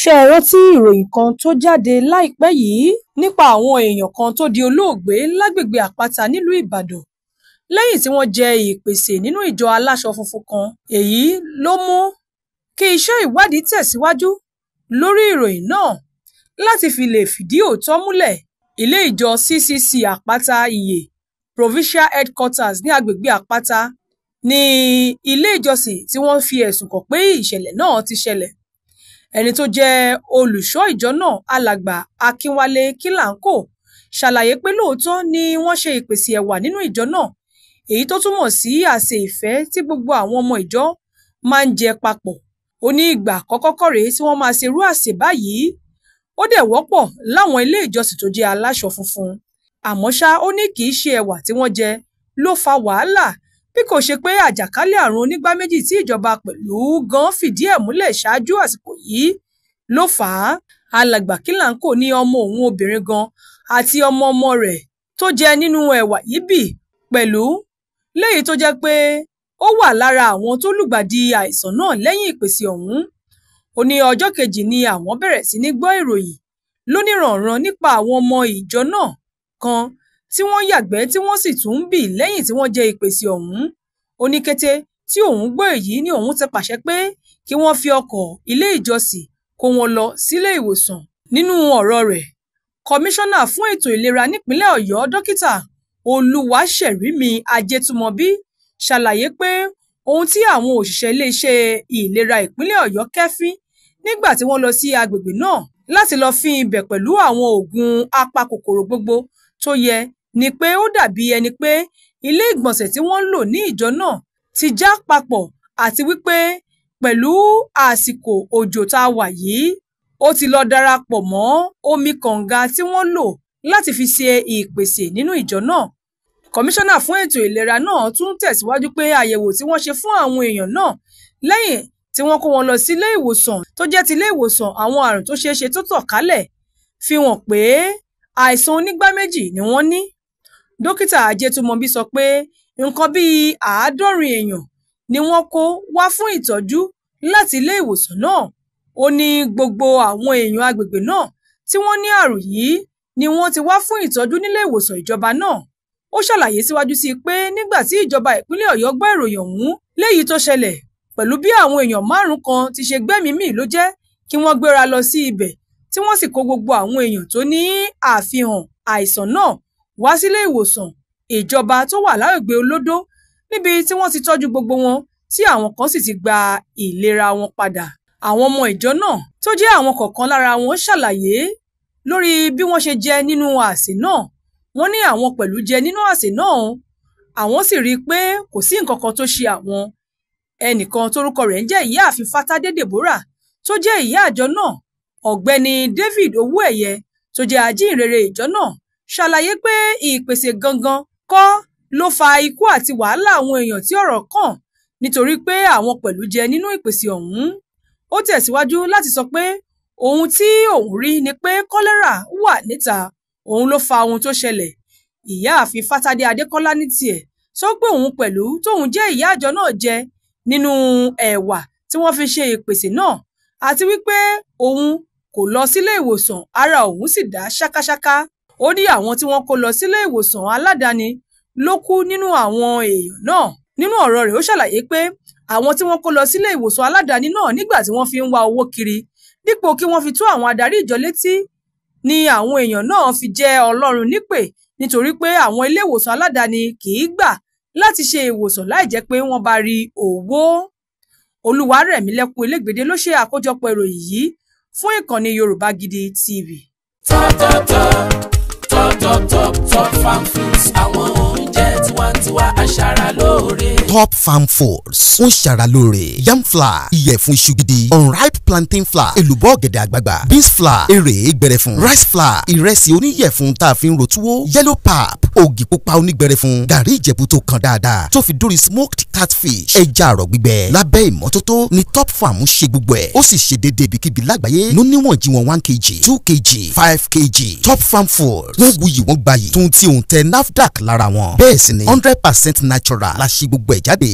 Ṣé ẹ rántí ìròyìn kan tó jáde láìpẹ́ yìí nípa àwọn èèyàn kan tó di olóògbé lágbègbè Àpáta nílùú Ìbàdàn lẹ́yìn tí wọ́n jẹ ìpèsè nínú ìjọ aláṣọ funfun kan? Èyí ló mú kí iṣẹ́ ìwádìí tẹ̀síwájú lórí ìròyìn náà láti fi lè fìdí òótọ́ múlẹ̀. Ilé ìjọ CCC Àpáta Ìyè Provincial Headquarters ní agbègbè Àpáta ni ilé ìjọsìn tí wọ́n fi ẹ̀sùn kàn pé ìṣẹ̀lẹ̀ náà ti ṣẹlẹ̀ ẹni tó jẹ́ olùṣọ́ ìjọ náà alàgbà akínwálé kílàńkò ṣàlàyé pé lóòótọ́ ni wọ́n ṣe ìpèsè ẹ̀wà nínú ìjọ náà èyí tó túmọ̀ sí àsè ìfẹ́ tí gbogbo àwọn ọmọ ìjọ máa ń jẹ papọ̀ ó ní ìgbà àkọ́kọ́ kọ́ rèé tí wọ́n máa ṣerú àsè báyìí ó dẹ̀ wọ́pọ̀ láwọn ilé ìjọsìn tó jẹ́ aláṣọ funfun àmọ́ ṣá ó ní kì í ṣe ẹ̀wà tí wọ́n jẹ ló fa wàhálà bí kò ṣe pé àjàkálẹ̀ àrùn onígbáméjì tí ìjọba pẹ̀lú gan fìdí ẹ̀ múlẹ̀ ṣáájú àsìkò yìí ló fà á alàgbà kílàńkò ní ọmọ òun obìnrin gan àti ọmọ ọmọ rẹ̀ tó jẹ nínú ẹ̀wà yìí bì pẹ̀lú léyìí tó jẹ́ pé ó wà lára àwọn tó lùgbàdì àìsàn náà lẹ́yìn ìpèsè ọ̀hún ó ní ọjọ́ kejì ni àwọn bẹ̀rẹ̀ sí ní gbọ́ ìròyìn lónírànran nípa àwọn ọmọ ìjọ náà kan tí wọ́n yàgbẹ́ tí wọ́n sì tún ń bì lẹ́yìn tí wọ́n jẹ ìpèsè ọ̀hún ó ní kété tí òun gbọ́ èyí ni òun ti pàṣẹ pé kí wọ́n fi ọkọ̀ ilé ìjọsìn kó wọn lọ sílé ìwòsàn nínú ọ̀rọ̀ rẹ̀ kọmíṣánná fún ètò ìlera nípínlẹ̀ ọ̀yọ́ dókítà olúwaṣẹ̀rími ajétúmọ̀bí ṣàlàyé pé ohun tí àwọn òṣìṣẹ́ iléeṣẹ́ ìlera ìpínlẹ̀ ọ̀yọ́ kẹ́fín nígbà tí wọ́n lọ sí agbègbè náà láti lọ fín ibẹ̀ pẹ̀lú àwọn oògùn apakòkòrò gbogbo tó yẹ ni pé ó dàbí ẹni pé ilé ìgbọ̀nsẹ̀ tí wọ́n ń lò ní ìjọ náà ti já papọ̀ àti wípé pẹ̀lú àsìkò òjò tá a wà yìí, ó ti lọ darapọ̀ mọ́ omi kànga tí wọ́n lò láti fi ṣe ìpèsè nínú ìjọ náà. Kọmíṣọ́nnà fún ètò ìlera náà tún tẹ̀síwájú pé àyẹ̀wò tí wọ́n ṣe fún àwọn èèyàn náà lẹ́yìn tí wọ́n kó wọn lọ sílé ìwòsàn tó jẹ́ ti ilé ìwòsàn àwọn àrùn tó ṣeéṣe tó tàn kálẹ̀ fi hàn pé àìsàn onígbáméjì ni wọ́n ní. Dókítà Ajetunmobi sọ pé nǹkan bíi 70 èèyàn ni wọ́n kó wá fún ìtọ́jú láti ilé ìwòsàn náà, ó ní gbogbo àwọn èèyàn agbègbè náà tí wọ́n ní àrùn yìí ni wọ́n ti wá fún ìtọ́jú nílé ìwòsàn ìjọba náà. Ó ṣàlàyé síwájú sí i pé nígbà tí ìjọba ìpínlẹ̀ Ọ̀yọ́ gbọ́ ìròyìn ọ̀hún léyìí tó ṣẹlẹ̀, pẹ̀lú bí àwọn èèyàn márùn-ún kan ti ṣe gbẹ́mìí-mì ló jẹ́ kí wọ́n gbéra lọ sí ibẹ̀ tí wọ́n sì kó gbogbo àwọn èèyàn tó ní àfihàn àìsàn náà wá sílé ìwòsàn ìjọba tó wà lágbègbè olódó níbi tí wọ́n ti tọ́jú gbogbo wọn tí àwọn kan sì ti gba ìlera wọn padà àwọn ọmọ ìjọ náà tó jẹ́ àwọn kọ̀ọ̀kan lára wọn ṣàlàyé lórí bí wọ́n ṣe jẹ nínú àsè náà wọ́n ní àwọn pẹ̀lú jẹ nínú àsè náà àwọn sì rí i pé kò sí nǹkan kan tó ṣe àwọn ẹnìkan tórúkọ rẹ̀ ń jẹ́ ìyáàfin fátádé deborah tó jẹ́ ìyá àjọ náà ọ̀gbẹ́ni david owóẹ̀yẹ tó jẹ́ ajínrere ìjọ náà ṣàlàyé pé ìpèsè gangan kọ́ ló fa ikú àti wàhálà àwọn èèyàn tí ọ̀rọ̀ kàn nítorí pé àwọn pẹ̀lú jẹ nínú ìpèsè ọ̀hún. Ó tẹ̀síwájú láti sọ pé ohun tí òun rí ni pé kọ́lẹ́rà wà níta òun ló fa ohun tó ṣẹlẹ̀. Ìyáàfin Fátádé Adékọ́lá ní tiẹ̀ sọ pé òun pẹ̀lú tóun jẹ́ ìyá àjọ náà jẹ nínú ẹ̀wà tí wọ́n fi ṣe ìpèsè náà àti wípé òun kò lọ sílé ìwòsàn ara òun sì dá ṣákáṣáká ó ní àwọn tí wọ́n kó lọ sílé ìwòsàn aládàáni ló kú nínú àwọn èèyàn náà nínú ọ̀rọ̀ rẹ̀ ó ṣàlàyé pé àwọn tí wọ́n kó lọ sílé ìwòsàn aládàáni náà nígbà tí wọ́n fi ń wá owó kiri dípò kí wọ́n fi tó àwọn adarí ìjọ létí ni àwọn èèyàn náà fi jẹ́ Ọlọ́run nípè nítorí pé àwọn ilé ìwòsàn aládàáni kì í gbà láti ṣe ìwòsàn láì jẹ́ pé wọ́n bá rí owó Olúwarẹ̀mílẹ́kùn Elégbèdé ló ṣe àkójọpọ̀ ìròyìn yìí fún ìkànnì Yorùbá Gidi TV. tọ́tọ́tọ́ top top top farm fruits àwọn oúnjẹ tiwantiwa aṣara lóore. top farm foods ń ṣara lóore yam flour ìyẹ̀fun iṣu gidi unripe plantain flour èlùbọ́ ọ̀gẹ̀dẹ̀ àgbagbà beans flour èrè gbẹrẹfun rice flour ìrẹsì oníyẹ̀fun tá a fi ń ro yellow pap ògì pupa onígbẹrẹfun gàrí ìjẹ̀bú tó kan dáadáa tó fi dórí smoked catfish ẹja àrọ̀ gbígbẹ lábẹ́ ìmọ́tótó ni top farm ń ṣe gbogbo ẹ̀ ó sì ṣe déédéé ibikíbi lágbàáyé ló níwọ̀n jí wọn one kg two kg five kg top farm foods wọ́n wuyì wọ́n gbayì tuntun tí òun tẹ nafdac lára wọn bẹ́ẹ̀ sì ni hundred percent natural la ṣe gbogbo ẹ̀ jáde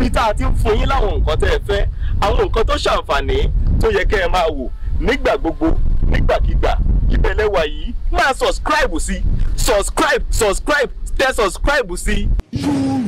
níbi tá a ti ń fún láwọn nǹkan tẹ́ ẹ fẹ́ àwọn nǹkan tó ṣàǹfààní tó yẹ kẹ́ ẹ máa wò nígbà gbogbo nígbàkigbà ibẹ̀ yìí máa subscribe sí subscribe subscribe tẹ subscribe sí. yóò